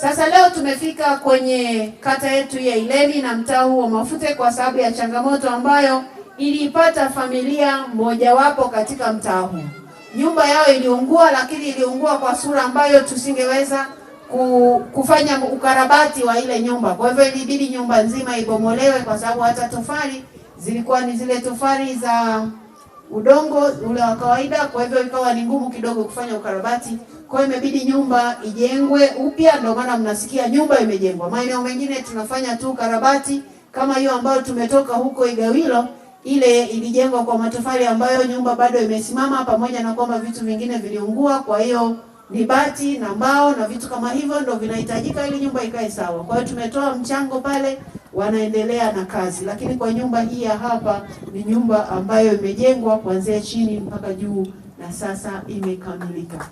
Sasa leo tumefika kwenye kata yetu ya Ileli na mtaa huu wa Mafute kwa sababu ya changamoto ambayo iliipata familia mojawapo katika mtaa huu. Nyumba yao iliungua, lakini iliungua kwa sura ambayo tusingeweza kufanya ukarabati wa ile nyumba. Kwa hivyo ilibidi nyumba nzima ibomolewe kwa sababu hata tofali zilikuwa ni zile tofali za udongo ule wa kawaida, kwa hivyo ikawa ni ngumu kidogo kufanya ukarabati. Kwa hiyo imebidi nyumba ijengwe upya, ndio maana mnasikia nyumba imejengwa. Maeneo mengine tunafanya tu ukarabati kama hiyo ambayo tumetoka huko Igawilo, ile ilijengwa kwa matofali ambayo nyumba bado imesimama, pamoja na kwamba vitu vingine viliungua. Kwa hiyo ni bati na mbao na vitu kama hivyo ndio vinahitajika ili nyumba ikae sawa. Kwa hiyo tumetoa mchango pale wanaendelea na kazi, lakini kwa nyumba hii ya hapa ni nyumba ambayo imejengwa kuanzia chini mpaka juu na sasa imekamilika.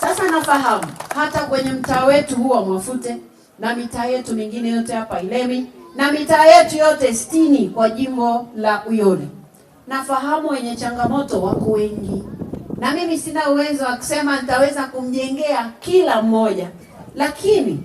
Sasa nafahamu hata kwenye mtaa wetu huu wa Mwafute na mitaa yetu mingine yote hapa Ilemi na mitaa yetu yote sitini kwa jimbo la Uyole, nafahamu wenye changamoto wako wengi, na mimi sina uwezo wa kusema nitaweza kumjengea kila mmoja, lakini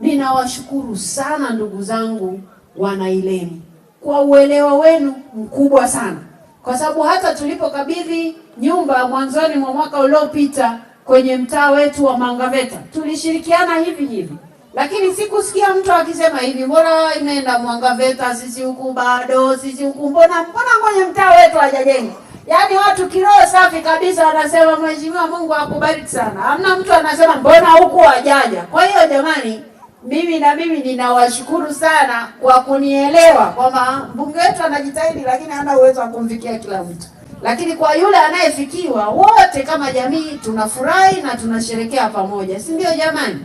Ninawashukuru sana ndugu zangu Wanailemi kwa uelewa wenu mkubwa sana, kwa sababu hata tulipokabidhi nyumba mwanzoni mwa mwaka uliopita kwenye mtaa wetu wa Mangaveta tulishirikiana hivi hivi, lakini sikusikia mtu akisema hivi, mbona imeenda Mwangaveta, sisi huku bado, sisi huku mbona, mbona kwenye mtaa wetu hajajenga? Yaani watu kiroho safi kabisa wanasema mheshimiwa, Mungu akubariki sana. Hamna mtu anasema mbona huku hajaja. Kwa hiyo jamani mimi na mimi ninawashukuru sana kwa kunielewa kwamba mbunge wetu anajitahidi, lakini hana uwezo wa kumfikia kila mtu. Lakini kwa yule anayefikiwa, wote kama jamii tunafurahi na tunasherekea pamoja, si ndio? Jamani,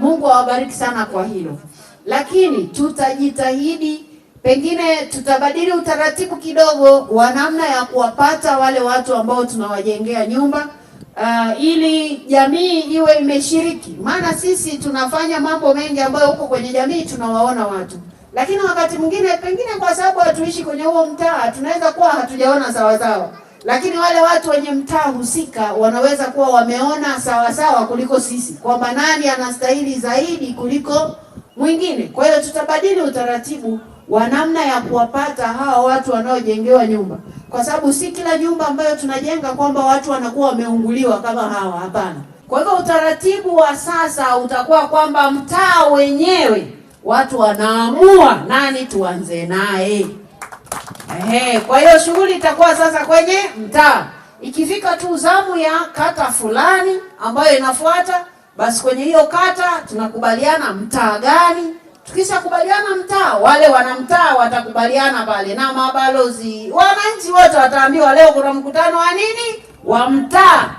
Mungu awabariki sana kwa hilo. Lakini tutajitahidi, pengine tutabadili utaratibu kidogo wa namna ya kuwapata wale watu ambao tunawajengea nyumba uh, ili jamii iwe imeshiriki. Maana sisi tunafanya mambo mengi ambayo huko kwenye jamii tunawaona watu, lakini wakati mwingine pengine kwa sababu hatuishi kwenye huo mtaa tunaweza kuwa hatujaona sawasawa, lakini wale watu wenye mtaa husika wanaweza kuwa wameona sawasawa kuliko sisi kwamba nani anastahili zaidi kuliko mwingine. Kwa hiyo tutabadili utaratibu wa namna ya kuwapata hawa watu wanaojengewa nyumba kwa sababu si kila nyumba ambayo tunajenga kwamba watu wanakuwa wameunguliwa kama hawa, hapana. Kwa hivyo utaratibu wa sasa utakuwa kwamba mtaa wenyewe watu wanaamua nani tuanze naye. Ehe, kwa hiyo shughuli itakuwa sasa kwenye mtaa. Ikifika tu zamu ya kata fulani ambayo inafuata, basi kwenye hiyo kata tunakubaliana mtaa gani tukishakubaliana mtaa, wale wana mtaa watakubaliana pale na mabalozi, wananchi wote wataambiwa leo kuna mkutano wa nini wa mtaa.